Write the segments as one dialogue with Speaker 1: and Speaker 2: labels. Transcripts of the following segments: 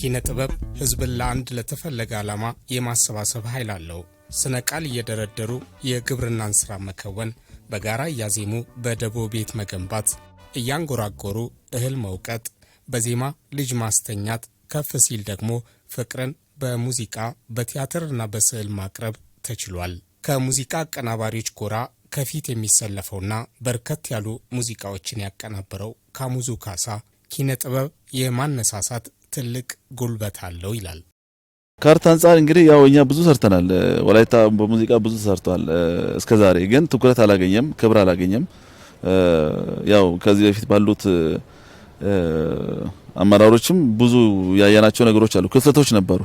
Speaker 1: ኪነ ጥበብ ህዝብን ለአንድ ለተፈለገ ዓላማ የማሰባሰብ ኃይል አለው። ስነ ቃል እየደረደሩ የግብርናን ሥራ መከወን፣ በጋራ እያዜሙ በደቦ ቤት መገንባት፣ እያንጎራጎሩ እህል መውቀጥ፣ በዜማ ልጅ ማስተኛት፣ ከፍ ሲል ደግሞ ፍቅርን በሙዚቃ በቲያትርና በስዕል ማቅረብ ተችሏል። ከሙዚቃ አቀናባሪዎች ጎራ ከፊት የሚሰለፈውና በርከት ያሉ ሙዚቃዎችን ያቀናበረው ካሙዙ ካሳ ኪነ ጥበብ የማነሳሳት ትልቅ ጉልበት አለው ይላል።
Speaker 2: ካርታ አንጻር እንግዲህ ያው እኛ ብዙ ሰርተናል። ወላይታ በሙዚቃ ብዙ ተሰርቷል። ዛሬ ግን ትኩረት አላገኘም፣ ክብር አላገኘም። ያው ከዚህ በፊት ባሉት አመራሮችም ብዙ ያየናቸው ነገሮች አሉ፣ ክፍተቶች ነበሩ።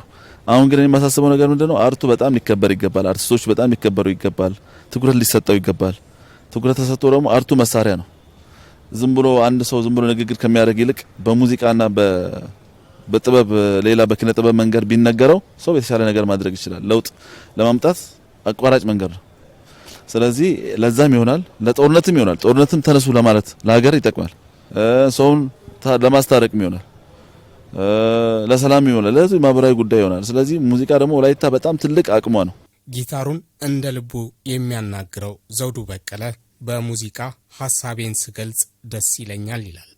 Speaker 2: አሁን ግን የማሳስበው ነገር ምንድነው? አርቱ በጣም ሊከበር ይገባል። አርቲስቶች በጣም ሊከበሩ ይገባል። ትኩረት ሊሰጠው ይገባል። ትኩረት ተሰጥቶ ደግሞ አርቱ መሳሪያ ነው። ዝም ብሎ አንድ ሰው ዝም ብሎ ንግግር ከሚያደርግ ይልቅ በሙዚቃና በጥበብ ሌላ በኪነ ጥበብ መንገድ ቢነገረው ሰው የተሻለ ነገር ማድረግ ይችላል። ለውጥ ለማምጣት አቋራጭ መንገድ ነው። ስለዚህ ለዛም ይሆናል፣ ለጦርነትም ይሆናል። ጦርነትም ተነሱ ለማለት ለሀገር ይጠቅማል። ሰውን ለማስታረቅም ይሆናል፣ ለሰላም ይሆናል፣ ለዚህ ማህበራዊ ጉዳይ ይሆናል። ስለዚህ ሙዚቃ ደግሞ ወላይታ በጣም ትልቅ አቅሟ ነው።
Speaker 1: ጊታሩን እንደ ልቡ የሚያናግረው ዘውዱ በቀለ በሙዚቃ ሀሳቤን ስገልጽ ደስ ይለኛል ይላል።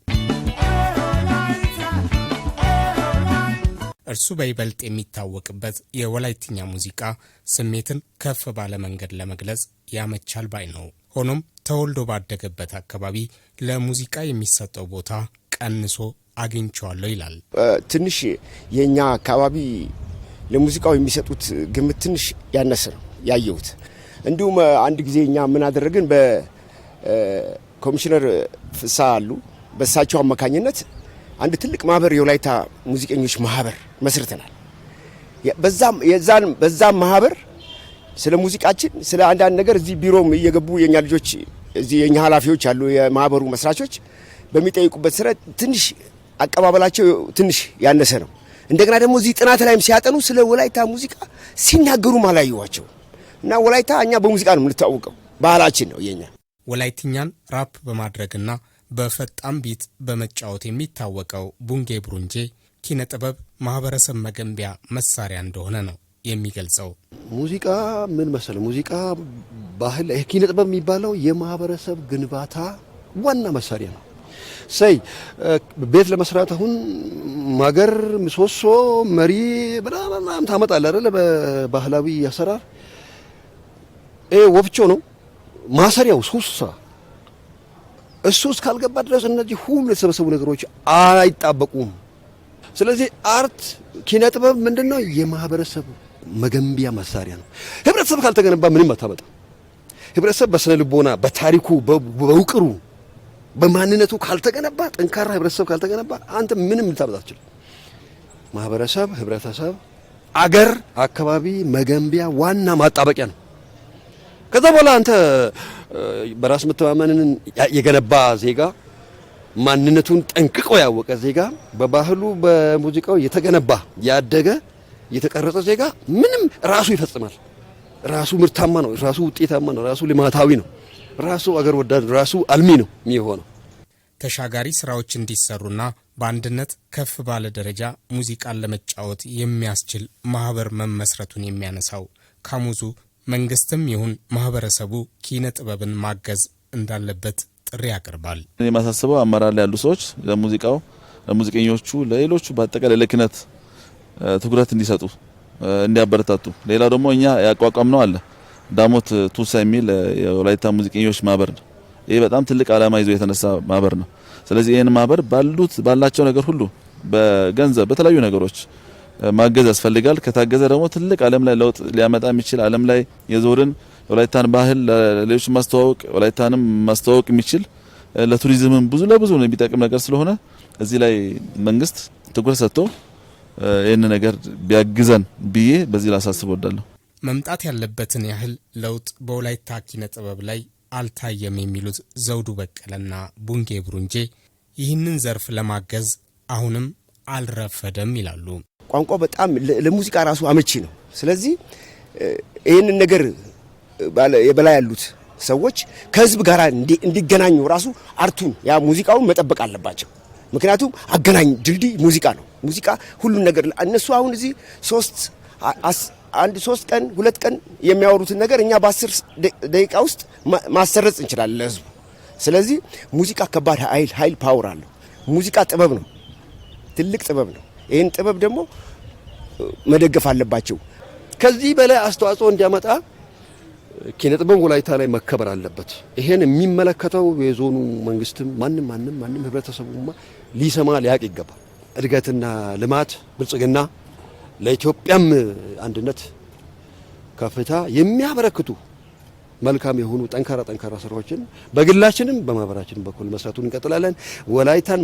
Speaker 1: እርሱ በይበልጥ የሚታወቅበት የወላይትኛ ሙዚቃ ስሜትን ከፍ ባለ መንገድ ለመግለጽ ያመቻል ባይ ነው። ሆኖም ተወልዶ ባደገበት አካባቢ ለሙዚቃ የሚሰጠው ቦታ ቀንሶ አግኝቸዋለሁ ይላል።
Speaker 3: ትንሽ የእኛ አካባቢ ለሙዚቃው የሚሰጡት ግምት ትንሽ ያነሰ ነው ያየሁት። እንዲሁም አንድ ጊዜ እኛ ምን አደረግን፣ በኮሚሽነር ፍሳ አሉ በእሳቸው አማካኝነት አንድ ትልቅ ማህበር የወላይታ ሙዚቀኞች ማህበር መስርተናል። በዛም ማህበር ስለ ሙዚቃችን ስለ አንዳንድ ነገር እዚህ ቢሮም እየገቡ የኛ ልጆች እዚህ የኛ ኃላፊዎች ያሉ የማህበሩ መስራቾች በሚጠይቁበት ስረ ትንሽ አቀባበላቸው ትንሽ ያነሰ ነው። እንደገና ደግሞ እዚህ ጥናት ላይም ሲያጠኑ ስለ ወላይታ ሙዚቃ ሲናገሩም አላየኋቸው እና ወላይታ እኛ በሙዚቃ ነው የምንታወቀው፣ ባህላችን ነው የኛ
Speaker 1: ወላይትኛን ራፕ በማድረግና በፈጣን ቢት በመጫወት የሚታወቀው ቡንጌ ቡሩንጄ ኪነ ጥበብ ማህበረሰብ መገንቢያ መሳሪያ እንደሆነ ነው የሚገልጸው።
Speaker 4: ሙዚቃ ምን መሰለ፣ ሙዚቃ ባህል፣ ኪነ ጥበብ የሚባለው የማህበረሰብ ግንባታ ዋና መሳሪያ ነው። ሰይ ቤት ለመስራት አሁን ማገር፣ ምሶሶ፣ መሪ በጣም ታመጣለ አይደለ? በባህላዊ አሰራር ወፍጮ ነው ማሰሪያው ሱሳ እሱ እስካልገባ ድረስ እነዚህ ሁሉ የተሰበሰቡ ነገሮች አይጣበቁም። ስለዚህ አርት ኪነ ጥበብ ምንድን ነው? የማህበረሰብ መገንቢያ መሳሪያ ነው። ህብረተሰብ ካልተገነባ ምንም አታመጣም። ህብረተሰብ በስነ ልቦና፣ በታሪኩ፣ በውቅሩ፣ በማንነቱ ካልተገነባ ጠንካራ ህብረተሰብ ካልተገነባ አንተ ምንም ልታመጣ ትችል። ማህበረሰብ፣ ህብረተሰብ፣ አገር፣ አካባቢ መገንቢያ ዋና ማጣበቂያ ነው። ከዛ በኋላ አንተ በራስ መተማመንን የገነባ ዜጋ ማንነቱን ጠንቅቆ ያወቀ ዜጋ በባህሉ በሙዚቃው የተገነባ ያደገ የተቀረጸ ዜጋ ምንም ራሱ ይፈጽማል። ራሱ ምርታማ ነው። ራሱ ውጤታማ ነው። ራሱ ልማታዊ ነው። ራሱ አገር ወዳድ፣ ራሱ አልሚ ነው የሚሆነው።
Speaker 1: ተሻጋሪ ስራዎች እንዲሰሩና በአንድነት ከፍ ባለ ደረጃ ሙዚቃን ለመጫወት የሚያስችል ማህበር መመስረቱን የሚያነሳው ካሙዙ መንግስትም ይሁን ማህበረሰቡ ኪነ ጥበብን ማገዝ እንዳለበት ጥሪ ያቀርባል።
Speaker 2: የማሳስበው አመራር ላይ ያሉ ሰዎች ለሙዚቃው፣ ለሙዚቀኞቹ፣ ለሌሎቹ በአጠቃላይ ለኪነት ትኩረት እንዲሰጡ እንዲያበረታቱ። ሌላ ደግሞ እኛ ያቋቋም ነው አለ ዳሞት ቱሳ የሚል የወላይታ ሙዚቀኞች ማህበር ነው። ይሄ በጣም ትልቅ ዓላማ ይዞ የተነሳ ማህበር ነው። ስለዚህ ይህን ማህበር ባሉት ባላቸው ነገር ሁሉ በገንዘብ በተለያዩ ነገሮች ማገዝ ያስፈልጋል። ከታገዘ ደግሞ ትልቅ ዓለም ላይ ለውጥ ሊያመጣ የሚችል ዓለም ላይ የዞርን ወላይታን ባህል ለሌሎች ማስተዋወቅ ወላይታንም ማስተዋወቅ የሚችል ለቱሪዝምም ብዙ ለብዙ ነው የሚጠቅም ነገር ስለሆነ እዚህ ላይ መንግስት ትኩረት ሰጥቶ ይህን ነገር ቢያግዘን ብዬ በዚህ ላሳስብ ወዳለሁ።
Speaker 1: መምጣት ያለበትን ያህል ለውጥ በወላይታ ኪነ ጥበብ ላይ አልታየም የሚሉት ዘውዱ በቀለና ቡንጌ ብሩንጄ ይህንን ዘርፍ ለማገዝ አሁንም አልረፈደም ይላሉ።
Speaker 3: ቋንቋው በጣም ለሙዚቃ ራሱ አመቺ ነው። ስለዚህ ይህንን ነገር የበላይ ያሉት ሰዎች ከህዝብ ጋር እንዲገናኙ ራሱ አርቱን ያ ሙዚቃውን መጠበቅ አለባቸው። ምክንያቱም አገናኝ ድልድይ ሙዚቃ ነው። ሙዚቃ ሁሉን ነገር እነሱ አሁን እዚህ ሶስት አንድ ሶስት ቀን ሁለት ቀን የሚያወሩትን ነገር እኛ በአስር ደቂቃ ውስጥ ማሰረጽ እንችላለን ለህዝቡ። ስለዚህ ሙዚቃ ከባድ ኃይል ኃይል ፓወር አለው። ሙዚቃ ጥበብ ነው፣ ትልቅ ጥበብ ነው። ይህን ጥበብ ደግሞ መደገፍ አለባቸው።
Speaker 4: ከዚህ በላይ አስተዋጽኦ እንዲያመጣ ኪነ ጥበብ ወላይታ ላይ መከበር አለበት። ይሄን የሚመለከተው የዞኑ መንግስትም፣ ማንም ማንም ማንም ህብረተሰቡማ ሊሰማ ሊያቅ ይገባል። እድገትና ልማት ብልጽግና ለኢትዮጵያም አንድነት ከፍታ የሚያበረክቱ መልካም የሆኑ ጠንካራ ጠንካራ ስራዎችን በግላችንም በማህበራችን በኩል መስራቱን እንቀጥላለን። ወላይታን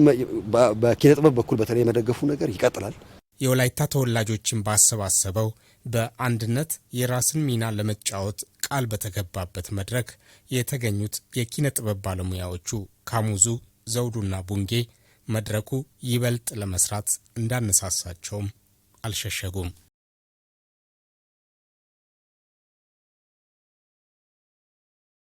Speaker 4: በኪነ ጥበብ በኩል በተለይ የመደገፉ ነገር ይቀጥላል።
Speaker 1: የወላይታ ተወላጆችን ባሰባሰበው በአንድነት የራስን ሚና ለመጫወት ቃል በተገባበት መድረክ የተገኙት የኪነ ጥበብ ባለሙያዎቹ ካሙዙ ዘውዱና ቡንጌ መድረኩ ይበልጥ ለመስራት እንዳነሳሳቸውም አልሸሸጉም።